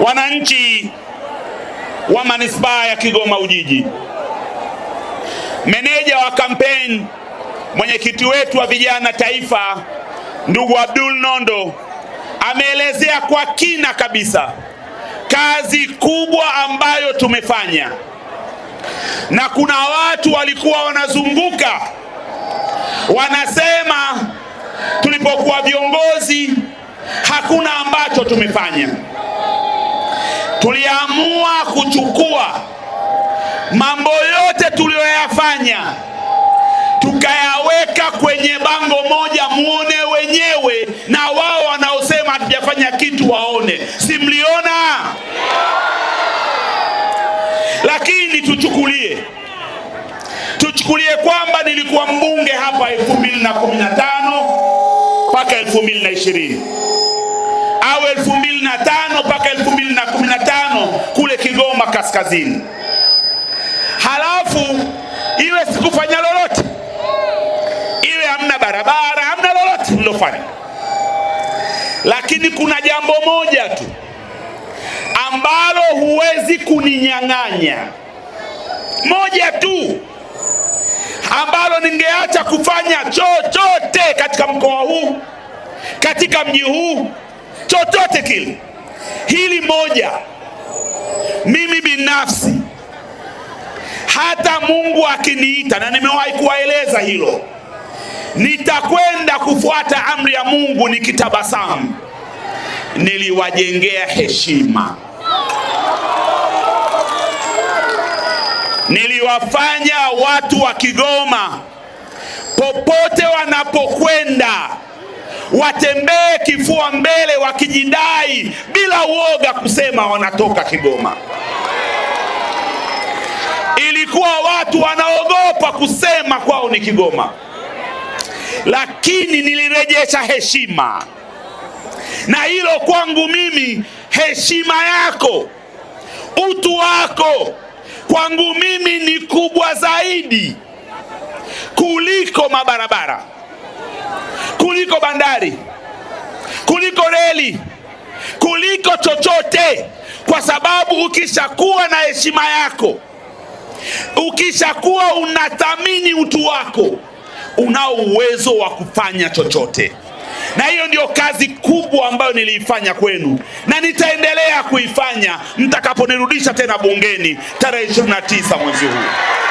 wananchi wa manispaa ya Kigoma Ujiji, meneja wa kampeni, mwenyekiti wetu wa vijana taifa, ndugu Abdul Nondo ameelezea kwa kina kabisa kazi kubwa ambayo tumefanya, na kuna watu walikuwa wanazunguka wanasema tulipokuwa viongozi hakuna ambacho tumefanya tuliamua kuchukua mambo yote tuliyoyafanya tukayaweka kwenye bango moja, muone wenyewe na wao wanaosema hatujafanya kitu waone, si mliona? Lakini tuchukulie tuchukulie kwamba nilikuwa mbunge hapa 2015 mpaka 2020 au 2005 kaskazini, halafu iwe sikufanya lolote, iwe hamna barabara, hamna lolote mlilofanya. Lakini kuna jambo moja tu ambalo huwezi kuninyang'anya, moja tu ambalo ningeacha kufanya chochote katika mkoa huu, katika mji huu, chochote kile, hili moja mimi binafsi hata Mungu akiniita, na nimewahi kuwaeleza hilo, nitakwenda kufuata amri ya Mungu nikitabasamu. Niliwajengea heshima, niliwafanya watu wa Kigoma popote wanapokwenda watembee kifua mbele, wakijidai bila uoga kusema wanatoka Kigoma. Ilikuwa watu wanaogopa kusema kwao ni Kigoma, lakini nilirejesha heshima, na hilo kwangu mimi, heshima yako, utu wako kwangu mimi ni kubwa zaidi kuliko mabarabara kuliko bandari, kuliko reli, kuliko chochote, kwa sababu ukishakuwa na heshima yako, ukishakuwa unathamini utu wako, unao uwezo wa kufanya chochote na hiyo ndio kazi kubwa ambayo niliifanya kwenu na nitaendelea kuifanya mtakaponirudisha tena bungeni tarehe 29 mwezi huu.